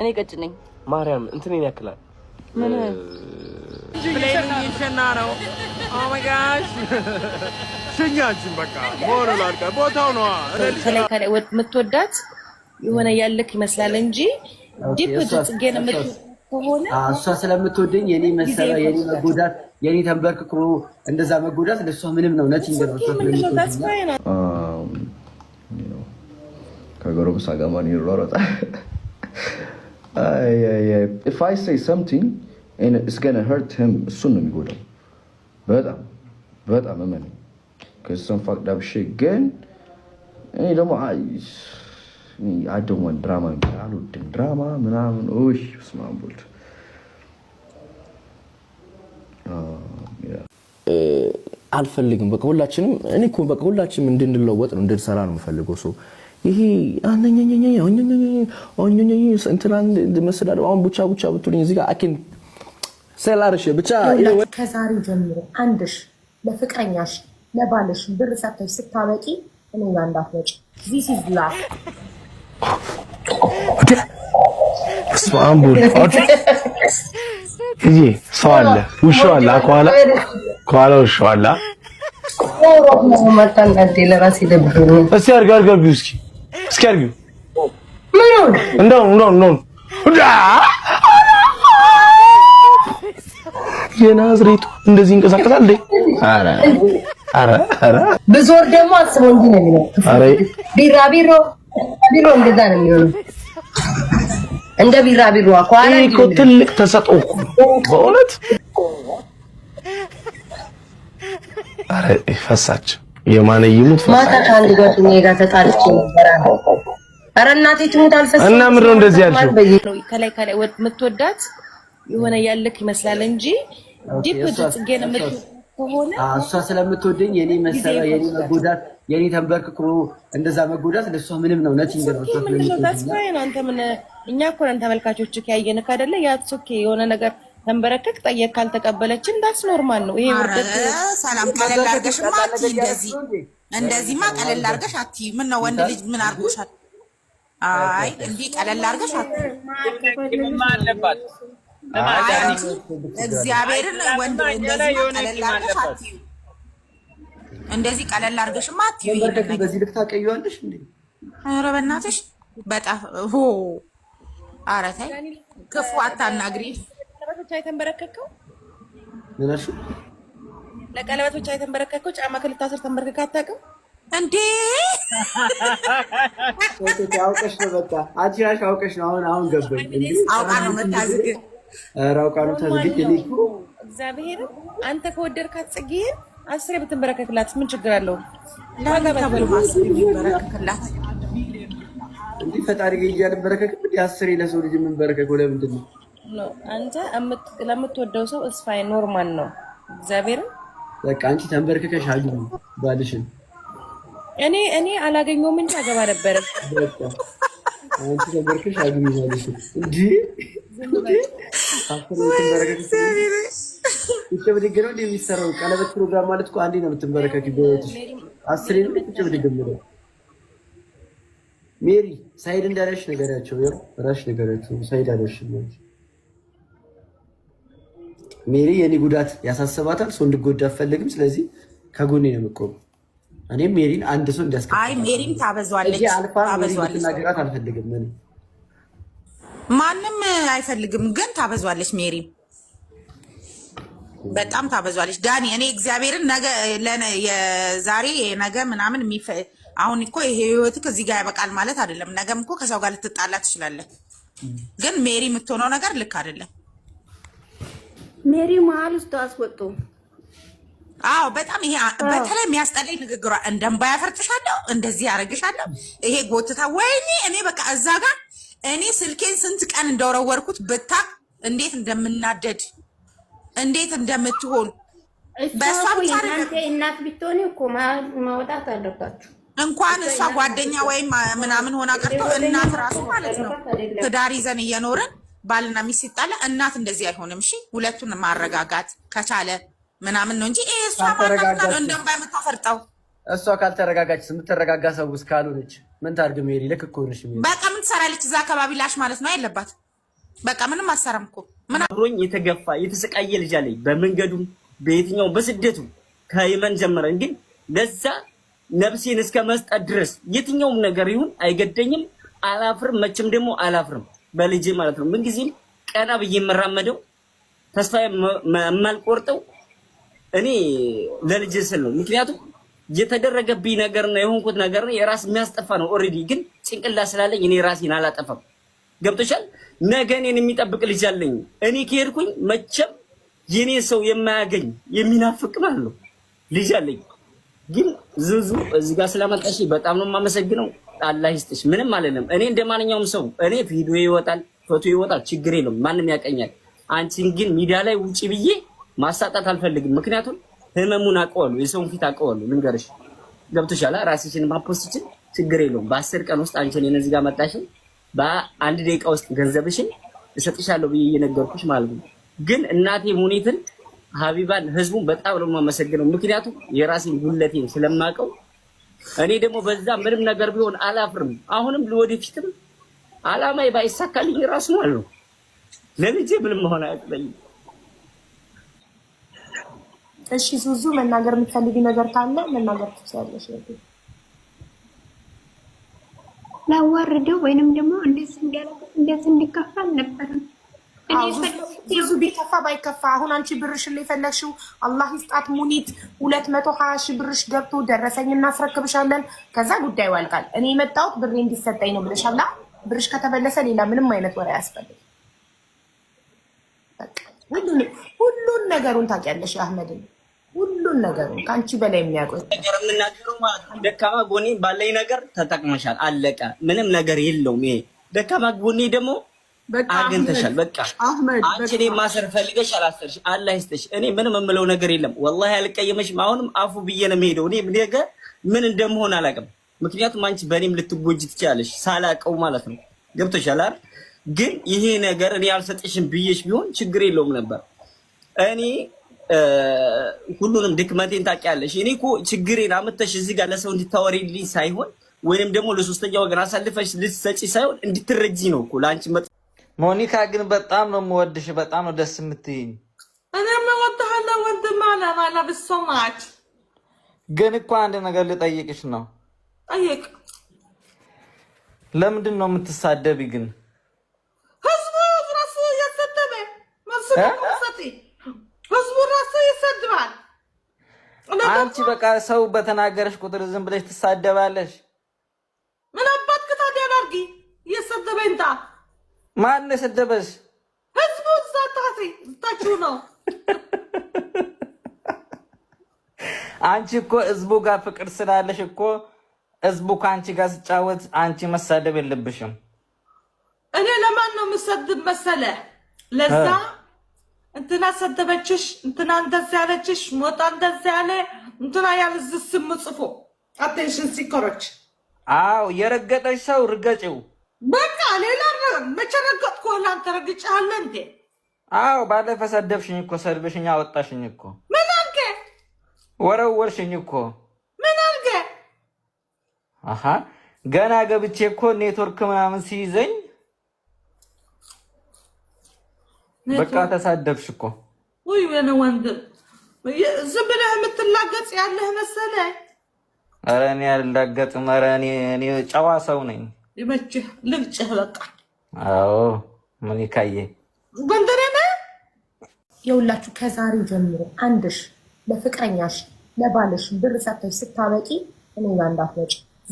እኔ ቀጭን ነኝ። ማርያም እንትኔን ያክላል። ምን ይሸና ነው ሸኛችን በቃ ሆነ ላልቀ ቦታው ነዋ። ከላይ የምትወዳት የሆነ ያለክ ይመስላል እንጂ ዲፕ ጽጌን ከሆነ እሷ ስለምትወደኝ የኔ መሰራ የኔ መጎዳት የኔ ተንበርክኮ እንደዛ መጎዳት ለእሷ ምንም ነው። ነት ከገሮብሳ ጋማ ኒሮ ሮጣ ኢፍ አይ ሴይ ሰምቲንግ ኢትስ ገነ ሄርት ሂም እሱን ነው የሚጎዳው። በጣም በጣም እመን ከሰን ፋቅ ዳብሼ ግን እኔ ደግሞ አደወን ድራማ አልወድም ድራማ ምናምን ሽ ስማቦልድ አልፈልግም። በቃ ሁላችንም እኔ ሁላችንም እንድንለወጥ ነው እንድንሰራ ነው የምፈልገው ሰው ይሄ እንትናን መሰዳደብ አሁን ቡቻ ቡቻ ብትሉኝ እዚህ ጋር አኬን ሰላርሽ ብቻ ከዛሬ ጀምሮ አንድሽ ለፍቅረኛሽ ለባለሽ ብር ሰጥተሽ ስታመቂ እኔ ጋር እንዳትመጪ። ዚስ ኢዝ ላፍ ሰው አለ፣ ውሻ አለ፣ ከኋላ ከኋላ ውሻ አለ። እስኪ አድርገው አድርገው እስኪ እስኪ አድርጊው። እንደው እንደው እንደው የናዝሬቱ እንደዚህ ይንቀሳቀሳል እንዴ? አረ አረ አረ ብዙር ደግሞ አስበው እንዲህ ነው የሚለው። አረ ቢራቢሮ ቢሮ እንደዛ ነው የሚሆነው። እንደ ቢራቢሮ አኳላ እኮ ትልቅ ተሰጥኦ እኮ በእውነት አረ ፈሳች የማነ ይሙት ማታ ከአንድ ጓደኛዬ ጋር ተጣልቼ ነበር። ኧረ እናቴ ትሙት አልፈሰሰም። እና ምንድን ነው እንደዚህ ያልሽው? ከላይ ከላይ ወጥ የምትወዳት የሆነ ያልክ ይመስላል እንጂ ዲፕ ድጽጌ ጽጌን ከሆነ እሷ ስለምትወደኝ የኔ መሰራ የኔ መጎዳት የኔ ተንበርክኮ እንደዛ መጎዳት ለእሷ ምንም ነው ነት ይንገርበት ነው። ታስፋ ነው አንተ ምን እኛ እኮ ነን ተመልካቾች ያየንክ አይደለ? ያ ኦኬ የሆነ ነገር ተንበረከክ ጠየቅ ካልተቀበለችን ዳስ ኖርማል ነው ይሄ ውርደት። ሰላም ቀለል አድርገሽማ አትይ እንደዚህ እንደዚህማ ቀለል አድርገሽ አትይ። ምን ነው ወንድ ልጅ ምን አድርጎሻል? አይ እንዲህ ቀለል አድርገሽ አትይ። እግዚአብሔርን ወንድ እንደዚህ ቀለል አድርገሽ እንደዚህ ቀለል እንዴ? ኧረ በእናትሽ በጣም ሆ ክፉ አታናግሪ። ብቻ የተንበረከከው ምናሹ ለቀለበት ብቻ የተንበረከከው ጫማ ከልታስር ተንበረከከ አታውቅም እንዴ? አውቀሽ ነው በቃ አንቺ እራስሽ አውቀሽ ነው። አሁን አሁን ገባኝ። አውቃ ነው መታዝግ አውቃ ነው ታዝግ እግዚአብሔር አንተ ከወደድካት ጽጌን አስሬ ብትንበረከክላት ምን ችግር አለው? እንዲህ ፈጣሪ እያልበረከክ እንዲህ አስሬ ለሰው ልጅ የምንበረከከው ለምንድን ነው? ነው። አንተ ለምትወደው ሰው እስፋይ ኖርማል ነው። እግዚአብሔር በቃ አንቺ ተንበርክከሽ አዩ ባልሽን እኔ እኔ አገባ ነበረ። አንቺ ባልሽ ቁጭ ብድግ ነው የሚሰራው ቀለበት ፕሮግራም ማለት እኮ አንዴ ነው የምትንበረከክ አስሬ ነው ቁጭ ብድግ ምለው ሜሪ ሳይድ እንዳለሽ ነገሪያቸው ራሽ ነገሪያቸው ሳይድ አለሽ ሜሪ የኔ ጉዳት ያሳስባታል። ሰው እንድጎዳ አፈልግም። ስለዚህ ከጎኔ ነው የምቆሙ። እኔም ሜሪን አንድ ሰው እንዲያስቀ ሜሪም ታበዟለች። ነገራት አልፈልግም። ማንም አይፈልግም፣ ግን ታበዟለች። ሜሪ በጣም ታበዟለች። ዳኒ እኔ እግዚአብሔርን ነገ የዛሬ ነገ ምናምን አሁን እኮ ይሄ ህይወትህ እዚህ ጋር ያበቃል ማለት አይደለም። ነገም እኮ ከሰው ጋር ልትጣላ ትችላለህ። ግን ሜሪ የምትሆነው ነገር ልክ አይደለም። ሜሪ መሀል ውስጥ አስወጡ። አዎ በጣም ይሄ በተለይ የሚያስጠላኝ ንግግሯ እንደንባ ያፈርጥሻለሁ፣ እንደዚህ ያደርግሻለሁ። ይሄ ጎትታ ወይኔ እኔ በቃ እዛ ጋር እኔ ስልኬን ስንት ቀን እንደወረወርኩት ብታ እንዴት እንደምናደድ እንዴት እንደምትሆኑ በእሷ ብቻ እናት ብትሆን እኮ ማውጣት አለባችሁ። እንኳን እሷ ጓደኛ ወይም ምናምን ሆና ቀርቶ እናት ራሱ ማለት ነው ትዳር ይዘን እየኖርን ባልና ሚስት ሲጣላ እናት እንደዚህ አይሆንም። እሺ ሁለቱን ማረጋጋት ከቻለ ምናምን ነው እንጂ ይሄ እሷ ማናፍቃዶ እንደምባ የምታፈርጠው እሷ ካልተረጋጋች የምትረጋጋ ሰው ውስጥ እስካልሆነች ምን ታርግ? ሜሪ ልክ እኮ ነሽ። በቃ ምን ትሰራለች እዛ አካባቢ ላሽ ማለት ነው አይለባት። በቃ ምንም አትሰራም እኮ ምናብሮኝ የተገፋ የተሰቃየ ልጅ አለኝ። በመንገዱም በየትኛው በስደቱ ከየመን ጀመረን፣ ግን ለዛ ነፍሴን እስከ መስጠት ድረስ የትኛውም ነገር ይሁን አይገደኝም። አላፍርም፣ መቼም ደግሞ አላፍርም። በልጅ ማለት ነው። ምንጊዜም ቀና ብዬ የምራመደው ተስፋ የማልቆርጠው እኔ ለልጅ ስል ነው። ምክንያቱም የተደረገብኝ ነገር ነው የሆንኩት ነገር ነው የራስ የሚያስጠፋ ነው። ኦልሬዲ ግን ጭንቅላ ስላለኝ እኔ ራሴን አላጠፋም። ገብቶሻል? ነገ እኔን የሚጠብቅ ልጅ አለኝ። እኔ ከሄድኩኝ መቼም የኔ ሰው የማያገኝ የሚናፍቅ ማለት ነው ልጅ አለኝ። ግን ዝዙ እዚህ ጋር ስለመጣሽ በጣም ነው የማመሰግነው። አላህ ይስጥሽ። ምንም አለንም። እኔ እንደ ማንኛውም ሰው እኔ ቪዲዮ ይወጣል፣ ፎቶ ይወጣል፣ ችግር የለም፣ ማንም ያቀኛል። አንቺን ግን ሚዲያ ላይ ውጪ ብዬ ማሳጣት አልፈልግም። ምክንያቱም ህመሙን አውቀዋለሁ፣ የሰውን ፊት አውቀዋለሁ። ልንገርሽ፣ ገብቶሻል። ራስሽን ማፖስትሽን ችግር የለውም። በአስር ቀን ውስጥ አንቺን እኔ እዚህ ጋር መጣሽን በአንድ ደቂቃ ውስጥ ገንዘብሽን እሰጥሻለሁ ብዬ እየነገርኩሽ ማለት ነው። ግን እናቴ ሁኔትን ሀቢባን ህዝቡን በጣም ነው የማመሰግነው። ምክንያቱም የራሴን ጉለቴን ስለማውቀው እኔ ደግሞ በዛ ምንም ነገር ቢሆን አላፍርም። አሁንም ወደፊትም አላማዬ ባይሳካልኝ ራሱ ነው አለው ለልጄ ምንም መሆን አያቅጠኝም። እሺ ዙዙ፣ መናገር የምትፈልጊ ነገር ካለ መናገር ትችላለች። ላዋርደው ወይንም ደግሞ እንደዚህ እንዲያለቅስ እንደዚህ እንዲከፋ አልነበረም ብዙ ቢከፋ ባይከፋ አሁን አንቺ ብርሽን ላይ ፈለግሽው አላህ ይስጣት። ሙኒት ሁለት መቶ ሀያ ሺህ ብርሽ ገብቶ ደረሰኝ እናስረክብሻለን። ከዛ ጉዳዩ ያልቃል። እኔ የመጣሁት ብሬ እንዲሰጠኝ ነው ብለሻላ። ብርሽ ከተመለሰ ሌላ ምንም አይነት ወሬ አያስፈልግም። ሁሉን ነገሩን ታውቂያለሽ አህመድን ሁሉን ነገር ከአንቺ በላይ የሚያውቀው ነገር የምናገረው ደካማ ጎኔ ባለኝ ነገር ተጠቅመሻል፣ አለቀ። ምንም ነገር የለውም። ይሄ ደካማ ጎኔ ደግሞ አግኝተሻል። በቃ አንቺ እኔ ማሰር ፈልገሽ አላሰርሽ፣ አላህ ይስጥሽ። እኔ ምንም የምለው ነገር የለም። ወላሂ አልቀየመሽም። አሁንም አፉ ብዬ ነው የምሄደው። እኔ ነገ ምን እንደምሆን አላውቅም። ምክንያቱም አንቺ በእኔም ልትጎጅ ትችላለሽ፣ ሳላውቀው ማለት ነው። ገብቶሻል አይደል? ግን ይሄ ነገር እኔ አልሰጥሽም ብዬሽ ቢሆን ችግር የለውም ነበር። እኔ ሁሉንም ድክመቴን ታውቂያለሽ። እኔ እኮ ችግሬን አምጥተሽ እዚህ ጋር ለሰው እንድታወሪልኝ ሳይሆን ወይንም ደግሞ ለሶስተኛ ወገን አሳልፈሽ ልትሰጪ ሳይሆን እንድትረጂ ነው እኮ ለአንቺ ሞኒካ ግን በጣም ነው የምወድሽ፣ በጣም ነው ደስ የምትይኝ። እኔም እወድሃለሁ ወንድም አለማለ ብሶማች። ግን እኮ አንድ ነገር ልጠይቅሽ ነው። ጠይቅ። ለምንድን ነው የምትሳደቢ? ግን ህዝቡ ራሱ እያሰደበ መልሱ ህዝቡ ራሱ ይሰድባል። አንቺ በቃ ሰው በተናገረሽ ቁጥር ዝም ብለሽ ትሳደባለሽ። ምን አባት ክታዲ ያደርጊ እየሰደበኝ ታ ማን የሰደበሽ? ህዝቡ ዛታሲ ታሲ ነው። አንቺ እኮ ህዝቡ ጋር ፍቅር ስላለሽ እኮ ህዝቡ ከአንቺ ጋር ስጫወት አንቺ መሳደብ የለብሽም። እኔ ለማን ነው የምሰድብ መሰለ? ለዛ እንትና ሰደበችሽ፣ እንትና እንደዚ ያለችሽ፣ ሞጣ እንደዚ ያለ እንትና ያልዝ ስም ጽፎ አቴንሽን ሲኮሮች። አዎ የረገጠች ሰው ርገጭው በቃ ሌላ መቼ ረገጥኩ? አንተ እንዴ? አዎ ባለፈ ሰደብሽኝ እኮ አወጣሽኝ እኮ። ምን ወረወርሽኝ እኮ። ምን አሀ ገና ገብቼ እኮ ኔትወርክ ምናምን ሲይዘኝ በቃ ተሳደብሽ እኮ። ውይ ወይኔ ወንድም ዝም ብለህ የምትላገጽ ያለህ ኧረ እኔ አልላገጥም። ኧረ እኔ ጨዋ ሰው ነኝ። ይመችህ፣ ልግጭህ። በቃ አዎ፣ ምን ይካየ ጎንደሬ የሁላችሁ ከዛሬ ጀምሮ አንድሽ ለፍቅረኛሽ ለባልሽ ብር ሰጥተሽ ስታበቂ እኔ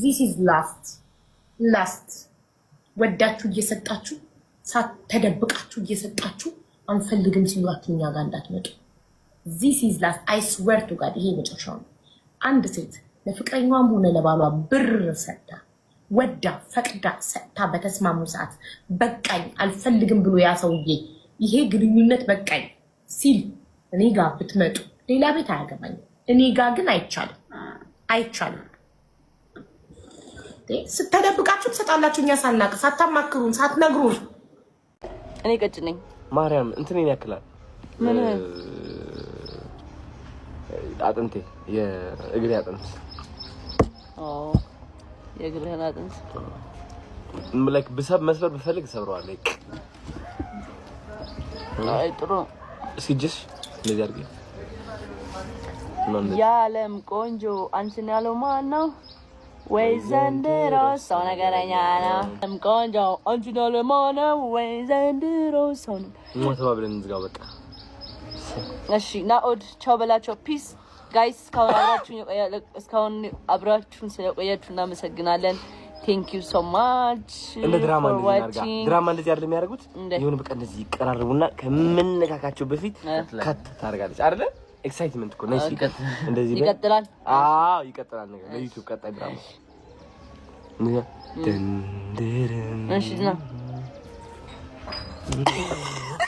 ዚስ ኢዝ ላስት ላስት። ወዳችሁ እየሰጣችሁ ሳተደብቃችሁ እየሰጣችሁ አንፈልግም ሲሏችሁ እኛ ጋር እንዳትመጡ። ዚስ ኢዝ ላስት አይ ስዌር ቱ ጋድ፣ ይሄ መጨረሻው ነው። አንድ ሴት ለፍቅረኛዋም ሆነ ለባሏ ብር ሰጥታ ወዳ ፈቅዳ ሰጥታ በተስማሙ ሰዓት በቃኝ አልፈልግም ብሎ ያ ሰውዬ ይሄ ግንኙነት በቃኝ ሲል እኔ ጋ ብትመጡ ሌላ ቤት አያገባኝም። እኔ ጋ ግን አይቻልም፣ አይቻልም። ስተደብቃችሁ ትሰጣላችሁ። እኛ ሳናቅ ሳታማክሩን፣ ሳትነግሩን። እኔ ቀጭ ነኝ ማርያም እንትን ያክላል አጥንቴ የእግሬ አጥንት የእግርህን አጥንት ላይክ ብሰብ መስበር ብፈልግ ሰብረዋል። ላይክ አይ ጥሩ እስኪጅስ እንደዚህ አድርጊ። የዓለም ቆንጆ አንቺን ያለው ማን ነው? ወይ ዘንድሮ ሰው ነገረኛ ነው። ቆንጆ አንቺን ያለው ማን ነው? ወይ ዘንድሮ ሰው ተባብለን እንዝጋው። በቃ እሺ፣ ናኦድ ቻው በላቸው። ፒስ ጋይስ እስካሁን አብራችሁን ስለቆያችሁ እናመሰግናለን። ቴንክ ዩ ሶ ማች። እንደ ድራማ ድራማ እንደዚህ አይደለም የሚያደርጉት ይሁን በቃ እንደዚህ ይቀራርቡና ከምንነካካቸው በፊት ከት ታደርጋለች አይደለ? ኤክሳይትመንት እኮ ነሽ። እንደዚህ ይቀጥላል። አዎ ይቀጥላል። ነገር ለዩቲዩብ ቀጣይ ድራማ እሺ